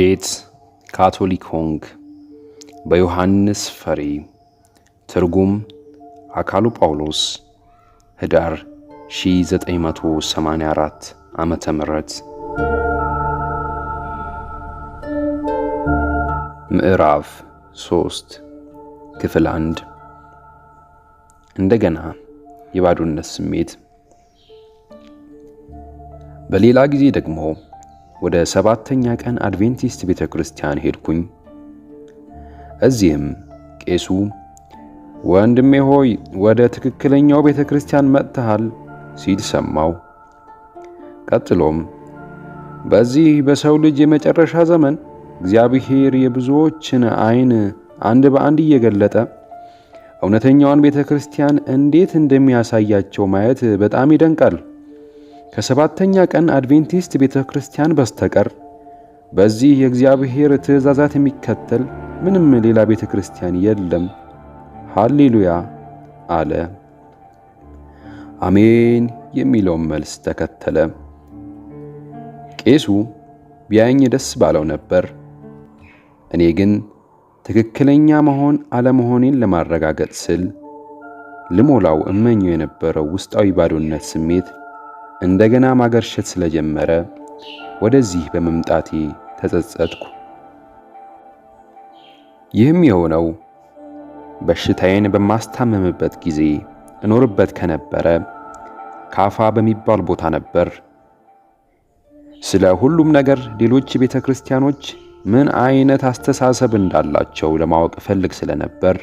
እንዴት ካቶሊክ ሆንክ? በዮሐንስ ፈሪ ትርጉም አካሉ ጳውሎስ ህዳር 1984 ዓመተ ምህረት ምዕራፍ 3 ክፍል 1 እንደገና የባዶነት ስሜት በሌላ ጊዜ ደግሞ ወደ ሰባተኛ ቀን አድቬንቲስት ቤተ ክርስቲያን ሄድኩኝ። እዚህም ቄሱ ወንድሜ ሆይ ወደ ትክክለኛው ቤተ ክርስቲያን መጥተሃል ሲል ሰማው። ቀጥሎም በዚህ በሰው ልጅ የመጨረሻ ዘመን እግዚአብሔር የብዙዎችን ዓይን አንድ በአንድ እየገለጠ እውነተኛዋን ቤተ ክርስቲያን እንዴት እንደሚያሳያቸው ማየት በጣም ይደንቃል ከሰባተኛ ቀን አድቬንቲስት ቤተ ክርስቲያን በስተቀር በዚህ የእግዚአብሔር ትእዛዛት የሚከተል ምንም ሌላ ቤተ ክርስቲያን የለም። ሃሌሉያ አለ። አሜን የሚለውን መልስ ተከተለ። ቄሱ ቢያኝ ደስ ባለው ነበር። እኔ ግን ትክክለኛ መሆን አለመሆኔን ለማረጋገጥ ስል ልሞላው እመኘው የነበረው ውስጣዊ ባዶነት ስሜት እንደገና ማገርሸት ስለጀመረ ወደዚህ በመምጣቴ ተጸጸትኩ። ይህም የሆነው በሽታዬን በማስታመምበት ጊዜ እኖርበት ከነበረ ካፋ በሚባል ቦታ ነበር። ስለ ሁሉም ነገር ሌሎች ቤተ ክርስቲያኖች ምን አይነት አስተሳሰብ እንዳላቸው ለማወቅ እፈልግ ስለነበር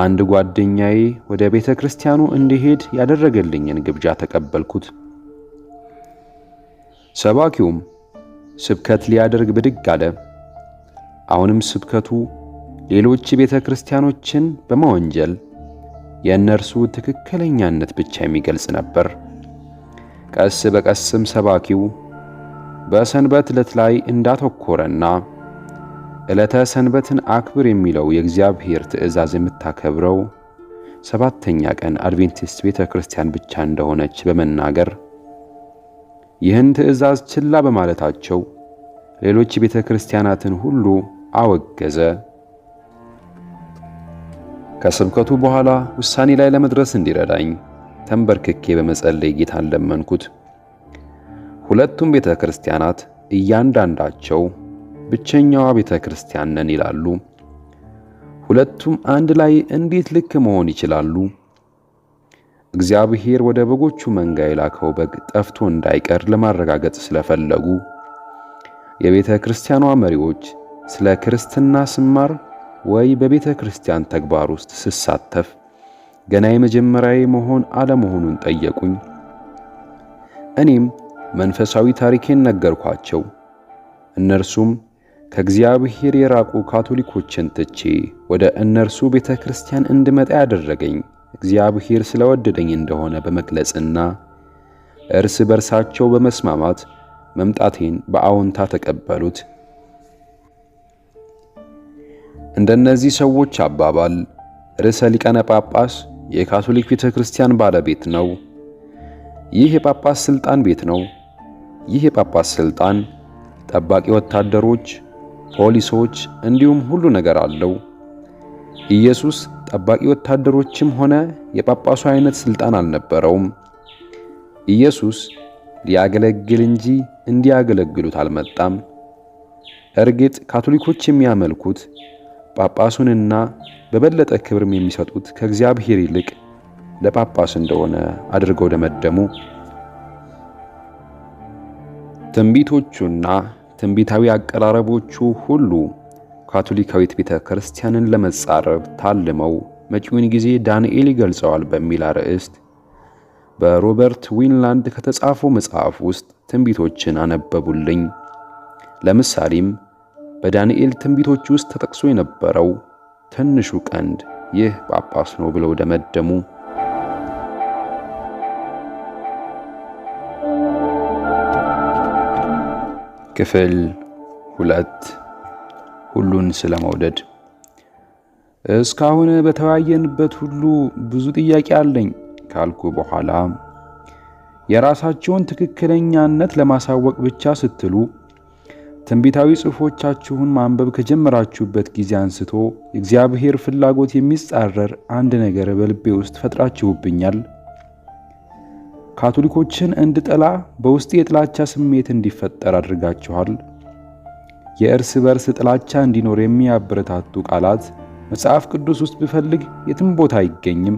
አንድ ጓደኛዬ ወደ ቤተ ክርስቲያኑ እንዲሄድ ያደረገልኝን ግብዣ ተቀበልኩት። ሰባኪውም ስብከት ሊያደርግ ብድግ አለ። አሁንም ስብከቱ ሌሎች ቤተ ክርስቲያኖችን በመወንጀል የእነርሱ ትክክለኛነት ብቻ የሚገልጽ ነበር። ቀስ በቀስም ሰባኪው በሰንበት ዕለት ላይ እንዳተኮረና ዕለተ ሰንበትን አክብር የሚለው የእግዚአብሔር ትእዛዝ የምታከብረው ሰባተኛ ቀን አድቬንቲስት ቤተ ክርስቲያን ብቻ እንደሆነች በመናገር ይህን ትእዛዝ ችላ በማለታቸው ሌሎች ቤተ ክርስቲያናትን ሁሉ አወገዘ። ከስብከቱ በኋላ ውሳኔ ላይ ለመድረስ እንዲረዳኝ ተንበርክኬ በመጸለይ ጌታን ለመንኩት። ሁለቱም ቤተ ክርስቲያናት እያንዳንዳቸው ብቸኛዋ ቤተ ክርስቲያን ነን ይላሉ። ሁለቱም አንድ ላይ እንዴት ልክ መሆን ይችላሉ? እግዚአብሔር ወደ በጎቹ መንጋ የላከው በግ ጠፍቶ እንዳይቀር ለማረጋገጥ ስለፈለጉ የቤተ ክርስቲያኗ መሪዎች ስለ ክርስትና ስማር ወይ በቤተ ክርስቲያን ተግባር ውስጥ ስሳተፍ ገና የመጀመሪያዊ መሆን አለመሆኑን ጠየቁኝ። እኔም መንፈሳዊ ታሪኬን ነገርኳቸው። እነርሱም ከእግዚአብሔር የራቁ ካቶሊኮችን ትቼ ወደ እነርሱ ቤተ ክርስቲያን እንድመጣ ያደረገኝ እግዚአብሔር ስለወደደኝ እንደሆነ በመግለጽና እርስ በርሳቸው በመስማማት መምጣቴን በአዎንታ ተቀበሉት። እንደነዚህ ሰዎች አባባል ርዕሰ ሊቃነ ጳጳስ የካቶሊክ ቤተ ክርስቲያን ባለቤት ነው። ይህ የጳጳስ ስልጣን ቤት ነው። ይህ የጳጳስ ስልጣን ጠባቂ ወታደሮች ፖሊሶች፣ እንዲሁም ሁሉ ነገር አለው። ኢየሱስ ጠባቂ ወታደሮችም ሆነ የጳጳሱ አይነት ስልጣን አልነበረውም። ኢየሱስ ሊያገለግል እንጂ እንዲያገለግሉት አልመጣም። እርግጥ ካቶሊኮች የሚያመልኩት ጳጳሱንና በበለጠ ክብርም የሚሰጡት ከእግዚአብሔር ይልቅ ለጳጳስ እንደሆነ አድርገው ደመደሙ። ትንቢቶቹና ትንቢታዊ አቀራረቦቹ ሁሉ ካቶሊካዊት ቤተ ክርስቲያንን ለመጻረብ ታልመው መጪውን ጊዜ ዳንኤል ይገልጸዋል በሚል አርዕስት በሮበርት ዊንላንድ ከተጻፈው መጽሐፍ ውስጥ ትንቢቶችን አነበቡልኝ። ለምሳሌም በዳንኤል ትንቢቶች ውስጥ ተጠቅሶ የነበረው ትንሹ ቀንድ ይህ ጳጳስ ነው ብለው ደመደሙ። ክፍል ሁለት ሁሉን ስለ መውደድ። እስካሁን በተወያየንበት ሁሉ ብዙ ጥያቄ አለኝ ካልኩ በኋላ የራሳቸውን ትክክለኛነት ለማሳወቅ ብቻ ስትሉ ትንቢታዊ ጽሑፎቻችሁን ማንበብ ከጀመራችሁበት ጊዜ አንስቶ እግዚአብሔር ፍላጎት የሚጻረር አንድ ነገር በልቤ ውስጥ ፈጥራችሁብኛል ካቶሊኮችን እንድጠላ በውስጥ የጥላቻ ስሜት እንዲፈጠር አድርጋችኋል። የእርስ በርስ ጥላቻ እንዲኖር የሚያበረታቱ ቃላት መጽሐፍ ቅዱስ ውስጥ ብፈልግ የትም ቦታ አይገኝም።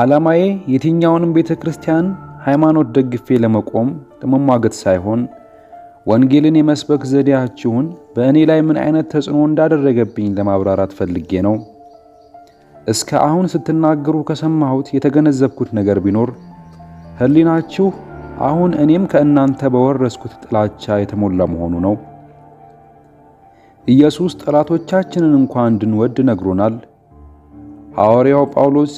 ዓላማዬ የትኛውንም ቤተ ክርስቲያን ሃይማኖት ደግፌ ለመቆም ለመሟገት ሳይሆን ወንጌልን የመስበክ ዘዴያችሁን በእኔ ላይ ምን አይነት ተጽዕኖ እንዳደረገብኝ ለማብራራት ፈልጌ ነው። እስከ አሁን ስትናገሩ ከሰማሁት የተገነዘብኩት ነገር ቢኖር ሕሊናችሁ አሁን እኔም ከእናንተ በወረስኩት ጥላቻ የተሞላ መሆኑ ነው። ኢየሱስ ጠላቶቻችንን እንኳ እንድንወድ ነግሮናል። ሐዋርያው ጳውሎስ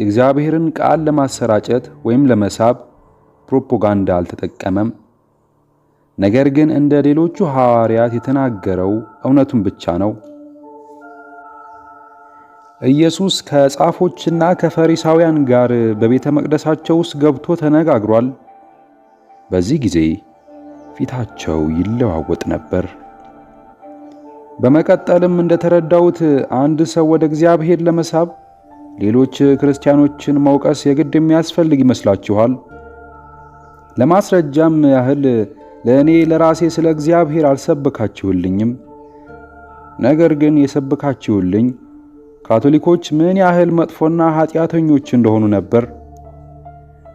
የእግዚአብሔርን ቃል ለማሰራጨት ወይም ለመሳብ ፕሮፓጋንዳ አልተጠቀመም። ነገር ግን እንደ ሌሎቹ ሐዋርያት የተናገረው እውነቱን ብቻ ነው። ኢየሱስ ከጻፎችና ከፈሪሳውያን ጋር በቤተ መቅደሳቸው ውስጥ ገብቶ ተነጋግሯል። በዚህ ጊዜ ፊታቸው ይለዋወጥ ነበር። በመቀጠልም እንደተረዳሁት አንድ ሰው ወደ እግዚአብሔር ለመሳብ ሌሎች ክርስቲያኖችን መውቀስ የግድ የሚያስፈልግ ይመስላችኋል? ለማስረጃም ያህል ለእኔ ለራሴ ስለ እግዚአብሔር አልሰብካችሁልኝም። ነገር ግን የሰብካችሁልኝ ካቶሊኮች ምን ያህል መጥፎና ኃጢአተኞች እንደሆኑ ነበር።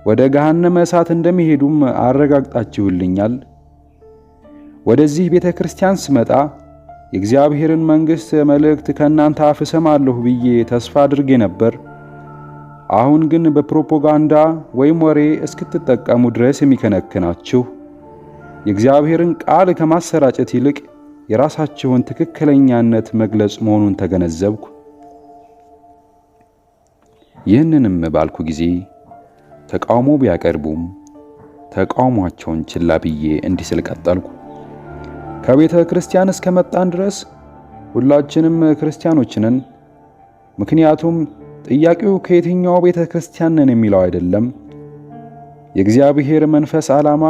ወደ ገሃነመ እሳት እንደሚሄዱም አረጋግጣችሁልኛል። ወደዚህ ቤተ ክርስቲያን ስመጣ የእግዚአብሔርን መንግሥት መልእክት ከእናንተ አፍ እሰማለሁ ብዬ ተስፋ አድርጌ ነበር። አሁን ግን በፕሮፓጋንዳ ወይም ወሬ እስክትጠቀሙ ድረስ የሚከነክናችሁ የእግዚአብሔርን ቃል ከማሰራጨት ይልቅ የራሳችሁን ትክክለኛነት መግለጽ መሆኑን ተገነዘብኩ። ይህንንም ባልኩ ጊዜ ተቃውሞ ቢያቀርቡም ተቃውሟቸውን ችላ ብዬ እንዲህ ስል ቀጠልኩ። ከቤተ ክርስቲያን እስከ መጣን ድረስ ሁላችንም ክርስቲያኖችንን። ምክንያቱም ጥያቄው ከየትኛው ቤተ ክርስቲያን ነን የሚለው አይደለም። የእግዚአብሔር መንፈስ ዓላማ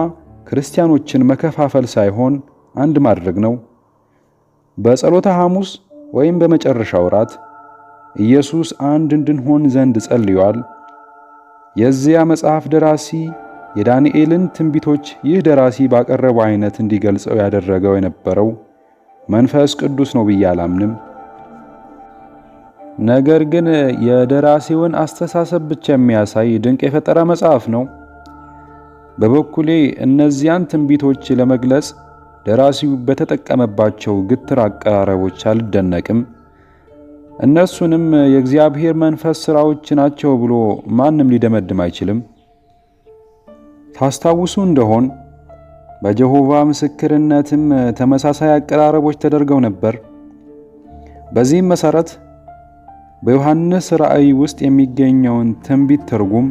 ክርስቲያኖችን መከፋፈል ሳይሆን አንድ ማድረግ ነው። በጸሎተ ሐሙስ ወይም በመጨረሻው ራት ኢየሱስ አንድ እንድንሆን ዘንድ ጸልዩአል። የዚያ መጽሐፍ ደራሲ የዳንኤልን ትንቢቶች ይህ ደራሲ ባቀረበ አይነት እንዲገልጸው ያደረገው የነበረው መንፈስ ቅዱስ ነው ብዬ አላምንም። ነገር ግን የደራሲውን አስተሳሰብ ብቻ የሚያሳይ ድንቅ የፈጠራ መጽሐፍ ነው። በበኩሌ እነዚያን ትንቢቶች ለመግለጽ ደራሲው በተጠቀመባቸው ግትር አቀራረቦች አልደነቅም። እነሱንም የእግዚአብሔር መንፈስ ሥራዎች ናቸው ብሎ ማንም ሊደመድም አይችልም። ታስታውሱ እንደሆን በጀሆቫ ምስክርነትም ተመሳሳይ አቀራረቦች ተደርገው ነበር። በዚህም መሠረት በዮሐንስ ራእይ ውስጥ የሚገኘውን ትንቢት ትርጉም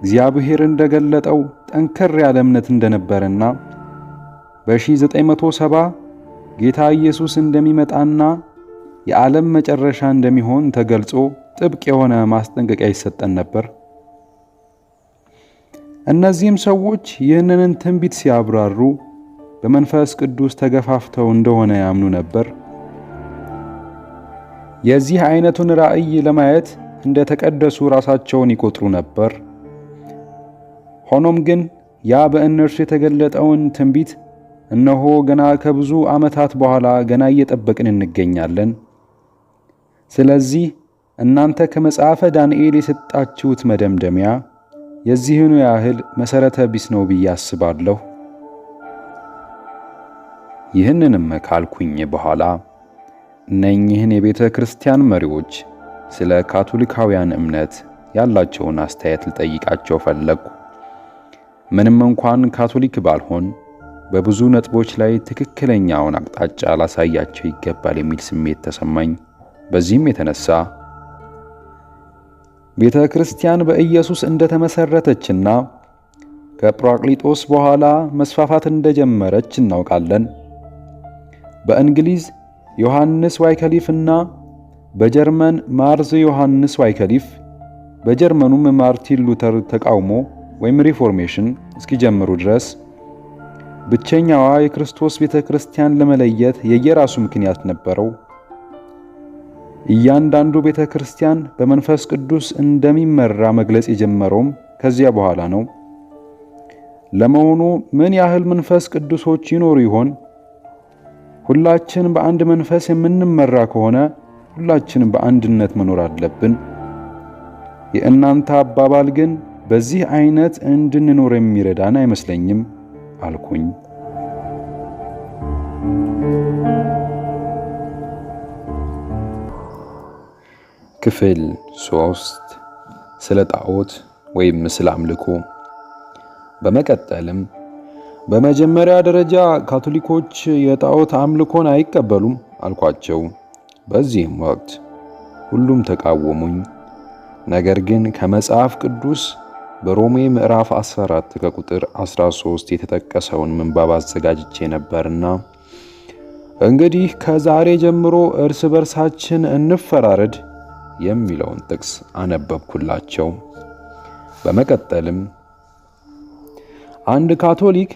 እግዚአብሔር እንደገለጠው ጠንከር ያለ እምነት እንደነበረና በ1970 ጌታ ኢየሱስ እንደሚመጣና የዓለም መጨረሻ እንደሚሆን ተገልጾ ጥብቅ የሆነ ማስጠንቀቂያ ይሰጠን ነበር። እነዚህም ሰዎች ይህንን ትንቢት ሲያብራሩ በመንፈስ ቅዱስ ተገፋፍተው እንደሆነ ያምኑ ነበር። የዚህ አይነቱን ራእይ ለማየት እንደ ተቀደሱ ራሳቸውን ይቆጥሩ ነበር። ሆኖም ግን ያ በእነርሱ የተገለጠውን ትንቢት እነሆ ገና ከብዙ ዓመታት በኋላ ገና እየጠበቅን እንገኛለን። ስለዚህ እናንተ ከመጽሐፈ ዳንኤል የሰጣችሁት መደምደሚያ የዚህኑ ያህል መሠረተ ቢስ ነው ብዬ አስባለሁ። ይህንንም ካልኩኝ በኋላ እነኚህን የቤተ ክርስቲያን መሪዎች ስለ ካቶሊካውያን እምነት ያላቸውን አስተያየት ልጠይቃቸው ፈለግኩ። ምንም እንኳን ካቶሊክ ባልሆን በብዙ ነጥቦች ላይ ትክክለኛውን አቅጣጫ ላሳያቸው ይገባል የሚል ስሜት ተሰማኝ። በዚህም የተነሳ ቤተ ክርስቲያን በኢየሱስ እንደተመሰረተችና ከጵራቅሊጦስ በኋላ መስፋፋት እንደጀመረች እናውቃለን። በእንግሊዝ ዮሐንስ ዋይከሊፍና በጀርመን ማርዝ ዮሐንስ ዋይከሊፍ በጀርመኑም ማርቲን ሉተር ተቃውሞ ወይም ሪፎርሜሽን እስኪጀምሩ ድረስ ብቸኛዋ የክርስቶስ ቤተ ክርስቲያን ለመለየት የየራሱ ምክንያት ነበረው። እያንዳንዱ ቤተ ክርስቲያን በመንፈስ ቅዱስ እንደሚመራ መግለጽ የጀመረውም ከዚያ በኋላ ነው። ለመሆኑ ምን ያህል መንፈስ ቅዱሶች ይኖሩ ይሆን? ሁላችን በአንድ መንፈስ የምንመራ ከሆነ ሁላችንም በአንድነት መኖር አለብን። የእናንተ አባባል ግን በዚህ አይነት እንድንኖር የሚረዳን አይመስለኝም አልኩኝ። ክፍል ሶስት ስለ ጣዖት ወይም ምስል አምልኮ። በመቀጠልም በመጀመሪያ ደረጃ ካቶሊኮች የጣዖት አምልኮን አይቀበሉም አልኳቸው። በዚህም ወቅት ሁሉም ተቃወሙኝ። ነገር ግን ከመጽሐፍ ቅዱስ በሮሜ ምዕራፍ 14 ከቁጥር 13 የተጠቀሰውን ምንባብ አዘጋጅቼ ነበርና እንግዲህ ከዛሬ ጀምሮ እርስ በርሳችን እንፈራረድ የሚለውን ጥቅስ አነበብኩላቸው። በመቀጠልም አንድ ካቶሊክ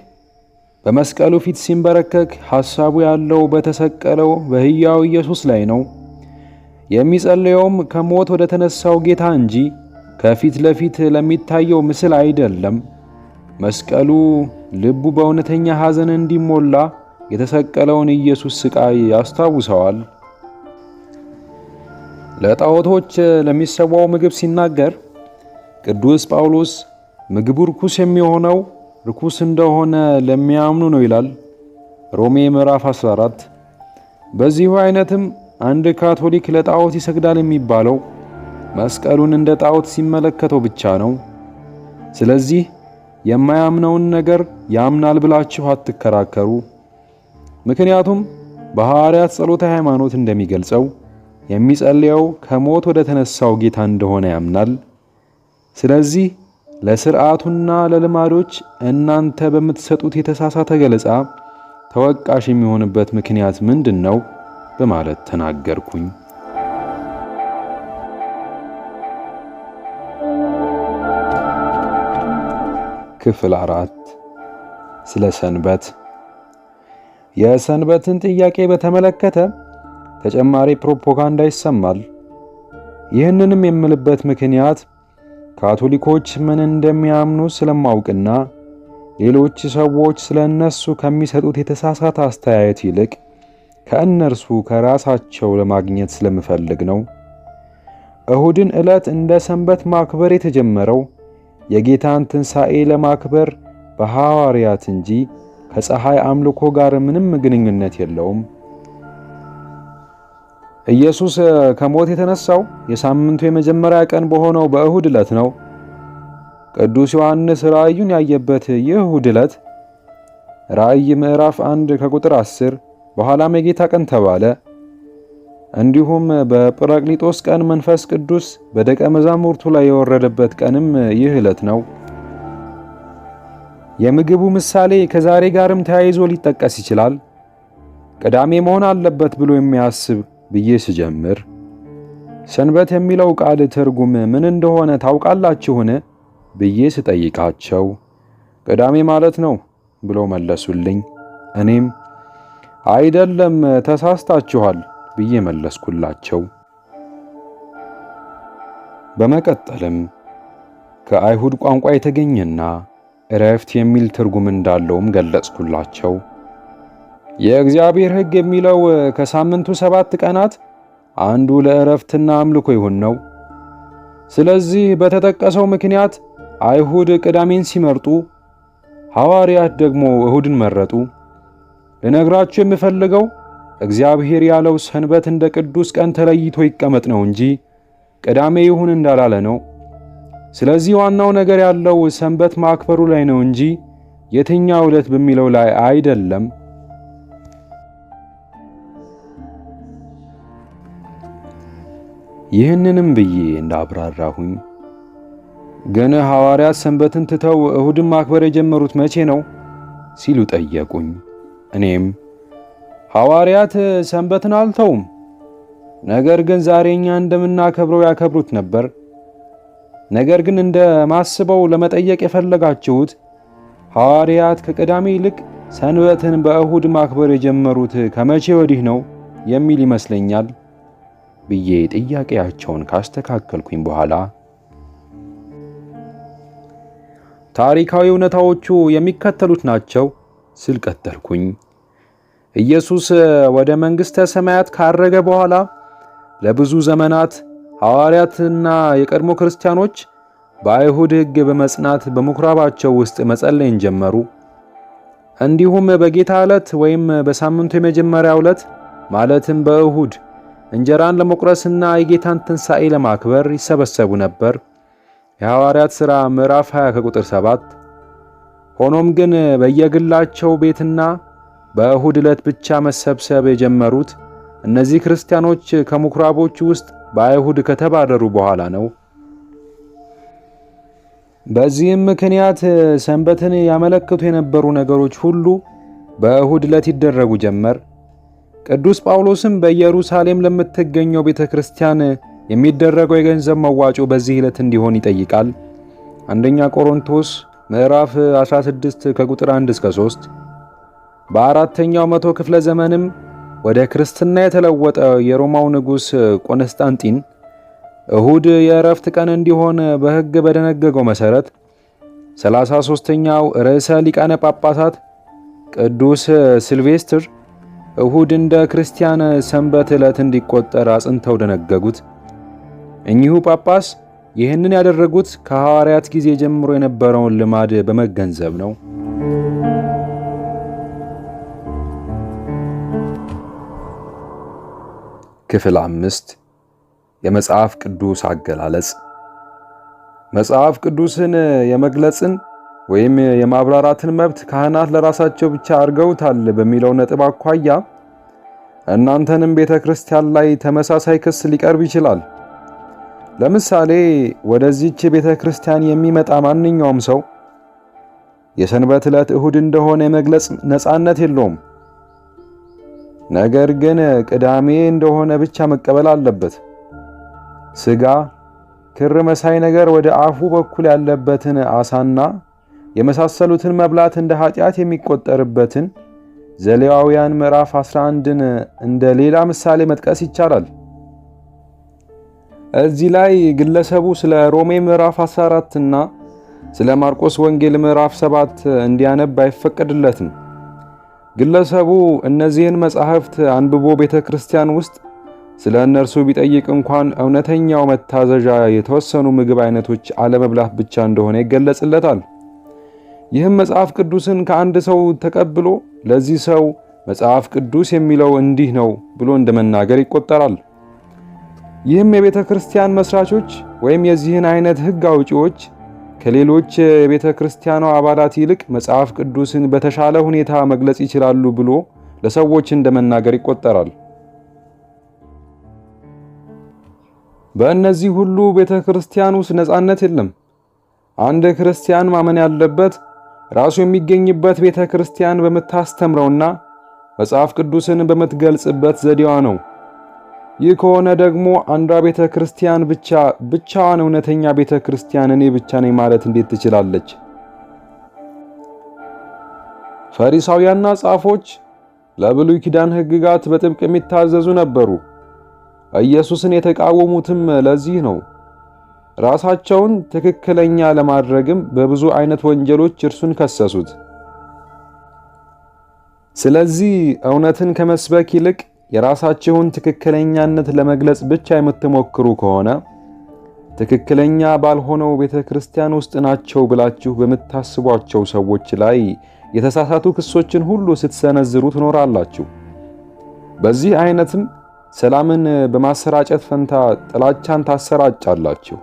በመስቀሉ ፊት ሲንበረከክ ሐሳቡ ያለው በተሰቀለው በሕያው ኢየሱስ ላይ ነው። የሚጸለየውም ከሞት ወደ ተነሳው ጌታ እንጂ ከፊት ለፊት ለሚታየው ምስል አይደለም። መስቀሉ ልቡ በእውነተኛ ሐዘን እንዲሞላ የተሰቀለውን ኢየሱስ ሥቃይ ያስታውሰዋል። ለጣዖቶች ለሚሰዋው ምግብ ሲናገር ቅዱስ ጳውሎስ ምግቡ ርኩስ የሚሆነው ርኩስ እንደሆነ ለሚያምኑ ነው ይላል ሮሜ ምዕራፍ 14። በዚሁ አይነትም አንድ ካቶሊክ ለጣዖት ይሰግዳል የሚባለው መስቀሉን እንደ ጣዖት ሲመለከተው ብቻ ነው። ስለዚህ የማያምነውን ነገር ያምናል ብላችሁ አትከራከሩ። ምክንያቱም በሐዋርያት ጸሎተ ሃይማኖት እንደሚገልጸው የሚጸልየው ከሞት ወደ ተነሳው ጌታ እንደሆነ ያምናል። ስለዚህ ለስርዓቱና ለልማዶች እናንተ በምትሰጡት የተሳሳተ ገለጻ ተወቃሽ የሚሆንበት ምክንያት ምንድን ነው? በማለት ተናገርኩኝ። ክፍል አራት ስለ ሰንበት የሰንበትን ጥያቄ በተመለከተ ተጨማሪ ፕሮፓጋንዳ ይሰማል። ይህንንም የምልበት ምክንያት ካቶሊኮች ምን እንደሚያምኑ ስለማውቅና ሌሎች ሰዎች ስለ እነሱ ከሚሰጡት የተሳሳተ አስተያየት ይልቅ ከእነርሱ ከራሳቸው ለማግኘት ስለምፈልግ ነው። እሁድን ዕለት እንደ ሰንበት ማክበር የተጀመረው የጌታን ትንሣኤ ለማክበር በሐዋርያት እንጂ ከፀሐይ አምልኮ ጋር ምንም ግንኙነት የለውም። ኢየሱስ ከሞት የተነሳው የሳምንቱ የመጀመሪያ ቀን በሆነው በእሁድ ዕለት ነው። ቅዱስ ዮሐንስ ራእዩን ያየበት ይህ እሁድ ዕለት ራእይ ምዕራፍ 1 ከቁጥር 10 በኋላም የጌታ ቀን ተባለ። እንዲሁም በጵራቅሊጦስ ቀን መንፈስ ቅዱስ በደቀ መዛሙርቱ ላይ የወረደበት ቀንም ይህ ዕለት ነው። የምግቡ ምሳሌ ከዛሬ ጋርም ተያይዞ ሊጠቀስ ይችላል። ቅዳሜ መሆን አለበት ብሎ የሚያስብ ብዬ ስጀምር ሰንበት የሚለው ቃል ትርጉም ምን እንደሆነ ታውቃላችሁን? ብዬ ስጠይቃቸው ቅዳሜ ማለት ነው ብሎ መለሱልኝ። እኔም አይደለም ተሳስታችኋል ብዬ መለስኩላቸው። በመቀጠልም ከአይሁድ ቋንቋ የተገኘና እረፍት የሚል ትርጉም እንዳለውም ገለጽኩላቸው። የእግዚአብሔር ሕግ የሚለው ከሳምንቱ ሰባት ቀናት አንዱ ለእረፍትና አምልኮ ይሁን ነው። ስለዚህ በተጠቀሰው ምክንያት አይሁድ ቅዳሜን ሲመርጡ፣ ሐዋርያት ደግሞ እሁድን መረጡ። ልነግራችሁ የምፈልገው እግዚአብሔር ያለው ሰንበት እንደ ቅዱስ ቀን ተለይቶ ይቀመጥ ነው እንጂ ቅዳሜ ይሁን እንዳላለ ነው። ስለዚህ ዋናው ነገር ያለው ሰንበት ማክበሩ ላይ ነው እንጂ የትኛው ዕለት በሚለው ላይ አይደለም። ይህንንም ብዬ እንዳብራራሁኝ ገነ ሐዋርያት ሰንበትን ትተው እሁድን ማክበር የጀመሩት መቼ ነው ሲሉ ጠየቁኝ። እኔም ሐዋርያት ሰንበትን አልተውም፣ ነገር ግን ዛሬ እኛ እንደምናከብረው ያከብሩት ነበር። ነገር ግን እንደ ማስበው ለመጠየቅ የፈለጋችሁት ሐዋርያት ከቅዳሜ ይልቅ ሰንበትን በእሁድ ማክበር የጀመሩት ከመቼ ወዲህ ነው የሚል ይመስለኛል ብዬ ጥያቄያቸውን ካስተካከልኩኝ በኋላ ታሪካዊ እውነታዎቹ የሚከተሉት ናቸው ስል ቀጠልኩኝ። ኢየሱስ ወደ መንግሥተ ሰማያት ካረገ በኋላ ለብዙ ዘመናት ሐዋርያትና የቀድሞ ክርስቲያኖች በአይሁድ ሕግ በመጽናት በምኵራባቸው ውስጥ መጸለይን ጀመሩ። እንዲሁም በጌታ ዕለት ወይም በሳምንቱ የመጀመሪያ ዕለት ማለትም በእሁድ እንጀራን ለመቁረስና የጌታን ትንሣኤ ለማክበር ይሰበሰቡ ነበር። የሐዋርያት ሥራ ምዕራፍ 20 ከቁጥር 7። ሆኖም ግን በየግላቸው ቤትና በእሁድ ዕለት ብቻ መሰብሰብ የጀመሩት እነዚህ ክርስቲያኖች ከምኵራቦች ውስጥ በአይሁድ ከተባረሩ በኋላ ነው። በዚህም ምክንያት ሰንበትን ያመለክቱ የነበሩ ነገሮች ሁሉ በእሁድ ዕለት ይደረጉ ጀመር። ቅዱስ ጳውሎስም በኢየሩሳሌም ለምትገኘው ቤተ ክርስቲያን የሚደረገው የገንዘብ መዋጮ በዚህ ዕለት እንዲሆን ይጠይቃል። አንደኛ ቆሮንቶስ ምዕራፍ 16 ከቁጥር 1 እስከ 3። በአራተኛው መቶ ክፍለ ዘመንም ወደ ክርስትና የተለወጠ የሮማው ንጉሥ ቆንስጣንጢን እሁድ የእረፍት ቀን እንዲሆን በሕግ በደነገገው መሠረት 33ኛው ርዕሰ ሊቃነ ጳጳሳት ቅዱስ ሲልቬስትር እሁድ እንደ ክርስቲያን ሰንበት ዕለት እንዲቆጠር አጽንተው ደነገጉት። እኚሁ ጳጳስ ይህንን ያደረጉት ከሐዋርያት ጊዜ ጀምሮ የነበረውን ልማድ በመገንዘብ ነው። ክፍል አምስት የመጽሐፍ ቅዱስ አገላለጽ መጽሐፍ ቅዱስን የመግለጽን ወይም የማብራራትን መብት ካህናት ለራሳቸው ብቻ አድርገውታል በሚለው ነጥብ አኳያ እናንተንም ቤተ ክርስቲያን ላይ ተመሳሳይ ክስ ሊቀርብ ይችላል። ለምሳሌ ወደዚህች ቤተ ክርስቲያን የሚመጣ ማንኛውም ሰው የሰንበት ዕለት እሁድ እንደሆነ የመግለጽ ነፃነት የለውም። ነገር ግን ቅዳሜ እንደሆነ ብቻ መቀበል አለበት። ስጋ ክር መሳይ ነገር ወደ አፉ በኩል ያለበትን አሳና የመሳሰሉትን መብላት እንደ ኃጢአት የሚቆጠርበትን ዘሌዋውያን ምዕራፍ 11ን እንደ ሌላ ምሳሌ መጥቀስ ይቻላል። እዚህ ላይ ግለሰቡ ስለ ሮሜ ምዕራፍ 14 እና ስለ ማርቆስ ወንጌል ምዕራፍ 7 እንዲያነብ አይፈቀድለትም። ግለሰቡ እነዚህን መጻሕፍት አንብቦ ቤተ ክርስቲያን ውስጥ ስለ እነርሱ ቢጠይቅ እንኳን እውነተኛው መታዘዣ የተወሰኑ ምግብ አይነቶች አለመብላት ብቻ እንደሆነ ይገለጽለታል። ይህም መጽሐፍ ቅዱስን ከአንድ ሰው ተቀብሎ ለዚህ ሰው መጽሐፍ ቅዱስ የሚለው እንዲህ ነው ብሎ እንደመናገር ይቆጠራል። ይህም የቤተ ክርስቲያን መስራቾች ወይም የዚህን አይነት ሕግ አውጪዎች ከሌሎች የቤተ ክርስቲያኗ አባላት ይልቅ መጽሐፍ ቅዱስን በተሻለ ሁኔታ መግለጽ ይችላሉ ብሎ ለሰዎች እንደመናገር ይቆጠራል። በእነዚህ ሁሉ ቤተ ክርስቲያን ውስጥ ነጻነት የለም። አንድ ክርስቲያን ማመን ያለበት ራሱ የሚገኝበት ቤተ ክርስቲያን በምታስተምረውና መጽሐፍ ቅዱስን በምትገልጽበት ዘዴዋ ነው። ይህ ከሆነ ደግሞ አንዷ ቤተ ክርስቲያን ብቻ ብቻዋን እውነተኛ ቤተ ክርስቲያን እኔ ብቻ ነኝ ማለት እንዴት ትችላለች? ፈሪሳውያንና ጻፎች ለብሉይ ኪዳን ሕግጋት በጥብቅ የሚታዘዙ ነበሩ። ኢየሱስን የተቃወሙትም ለዚህ ነው። ራሳቸውን ትክክለኛ ለማድረግም በብዙ አይነት ወንጀሎች እርሱን ከሰሱት። ስለዚህ እውነትን ከመስበክ ይልቅ የራሳችሁን ትክክለኛነት ለመግለጽ ብቻ የምትሞክሩ ከሆነ ትክክለኛ ባልሆነው ቤተ ክርስቲያን ውስጥ ናቸው ብላችሁ በምታስቧቸው ሰዎች ላይ የተሳሳቱ ክሶችን ሁሉ ስትሰነዝሩ ትኖራላችሁ። በዚህ አይነትም ሰላምን በማሰራጨት ፈንታ ጥላቻን ታሰራጫላችሁ።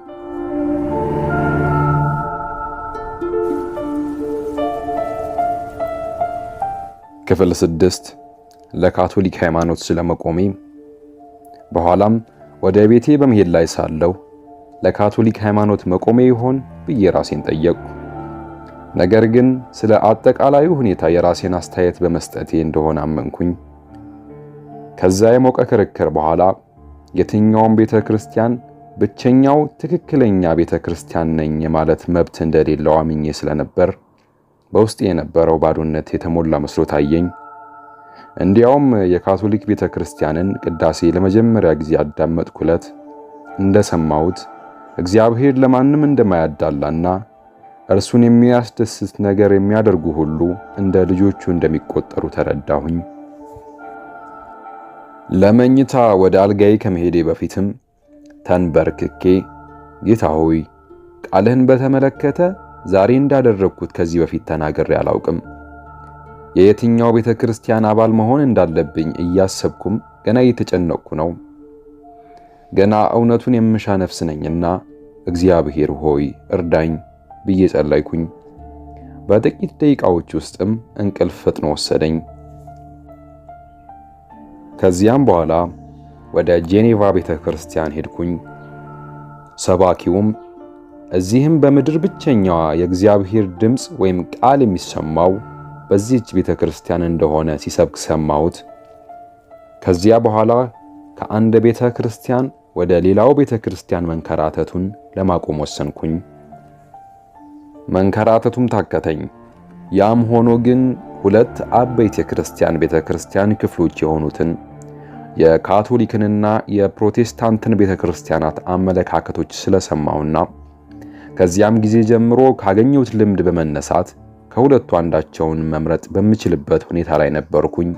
ክፍል ስድስት ለካቶሊክ ሃይማኖት ስለመቆሜ። በኋላም ወደ ቤቴ በመሄድ ላይ ሳለሁ ለካቶሊክ ሃይማኖት መቆሜ ይሆን ብዬ ራሴን ጠየቅኩ። ነገር ግን ስለ አጠቃላዩ ሁኔታ የራሴን አስተያየት በመስጠቴ እንደሆነ አመንኩኝ። ከዛ የሞቀ ክርክር በኋላ የትኛውም ቤተ ክርስቲያን ብቸኛው ትክክለኛ ቤተ ክርስቲያን ነኝ ማለት መብት እንደሌለው አምኜ ስለነበር በውስጤ የነበረው ባዶነት የተሞላ መስሎ ታየኝ። እንዲያውም የካቶሊክ ቤተ ክርስቲያንን ቅዳሴ ለመጀመሪያ ጊዜ ያዳመጥኩለት እንደሰማሁት እግዚአብሔር ለማንም እንደማያዳላና እርሱን የሚያስደስት ነገር የሚያደርጉ ሁሉ እንደ ልጆቹ እንደሚቆጠሩ ተረዳሁኝ። ለመኝታ ወደ አልጋዬ ከመሄዴ በፊትም ተንበርክኬ ጌታ ሆይ ቃልህን በተመለከተ ዛሬ እንዳደረግኩት ከዚህ በፊት ተናግሬ አላውቅም። የየትኛው ቤተ ክርስቲያን አባል መሆን እንዳለብኝ እያሰብኩም ገና እየተጨነቅኩ ነው። ገና እውነቱን የምሻ ነፍስ ነኝና እግዚአብሔር ሆይ እርዳኝ ብዬ ጸለይኩኝ። በጥቂት ደቂቃዎች ውስጥም እንቅልፍ ፈጥኖ ወሰደኝ። ከዚያም በኋላ ወደ ጄኔቫ ቤተ ክርስቲያን ሄድኩኝ። ሰባኪውም እዚህም በምድር ብቸኛዋ የእግዚአብሔር ድምፅ ወይም ቃል የሚሰማው በዚህች ቤተ ክርስቲያን እንደሆነ ሲሰብክ ሰማሁት። ከዚያ በኋላ ከአንድ ቤተ ክርስቲያን ወደ ሌላው ቤተ ክርስቲያን መንከራተቱን ለማቆም ወሰንኩኝ። መንከራተቱም ታከተኝ። ያም ሆኖ ግን ሁለት አበይት የክርስቲያን ቤተ ክርስቲያን ክፍሎች የሆኑትን የካቶሊክንና የፕሮቴስታንትን ቤተ ክርስቲያናት አመለካከቶች ስለሰማሁና ከዚያም ጊዜ ጀምሮ ካገኘሁት ልምድ በመነሳት ከሁለቱ አንዳቸውን መምረጥ በምችልበት ሁኔታ ላይ ነበርኩኝ።